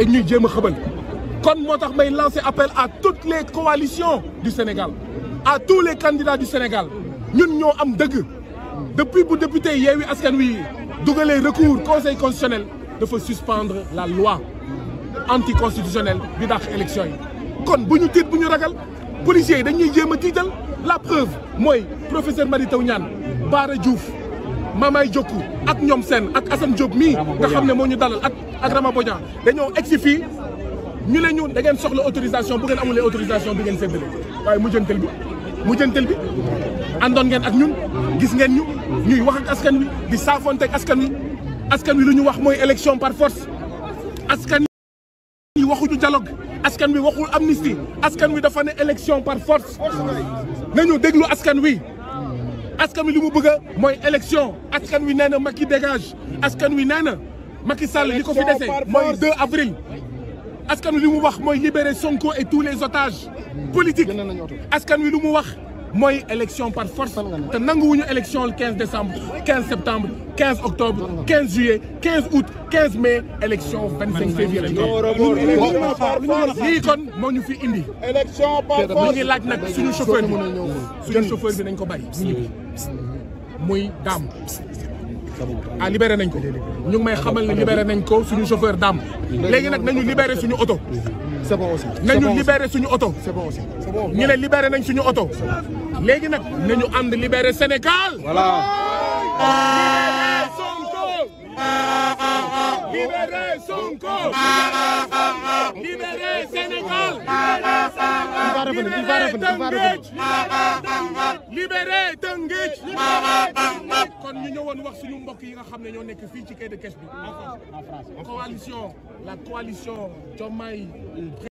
Et nous jéem a kon appel à toutes les coalitions du Sénégal à tous les candidats du Sénégal Nous ñoo am dëgg depuis le député Yewwi Askan Wi un recours conseil constitutionnel faut suspendre la loi anticonstitutionnelle de l'élection. élection yi kon bu les policiers la preuve moi, professeur Mary Teuw Bara Diouf Mamay Diokou ak ñom s'en, ak Assane Diop mi nga xamne dalal ak Rama ñu le autorisation bu ngeen amulee autorisation du ngeen mu jëntel bi jëntel bi andon ngeen ak ñun gis ñu ñuy wax ak askan ak askan élection par force askan waxu du dialogue askan wi waxul amnistie askan wi dafa élection par force nañu déglu askan askan que li nous avons a une élection dégage askan wi nous Macky Sall élection 2 avril Est-ce li Sonko et tous les otages politiques askan moi élection par force te nanguwuñu élection le 15 décembre 15 septembre 15 octobre 15 juillet 15 août 15 mai élection 25 février lañ ko kon ñu fi indi force. laaj nak suñu chauffeur suñu chauffeur bi ko muy daam a ah, libéré nañ ko ñu ngi may xamal ne libéré nañ ko suñu chauffeur daam léegi nag nañu libéré suñu oto c'est bon aussi suñu oto c'est bon aussi ñu ne nañ suñu oto léegi nag nañu ànd libéré Sénégal voilà libéré Sonko Sénégal La de coalition la coalition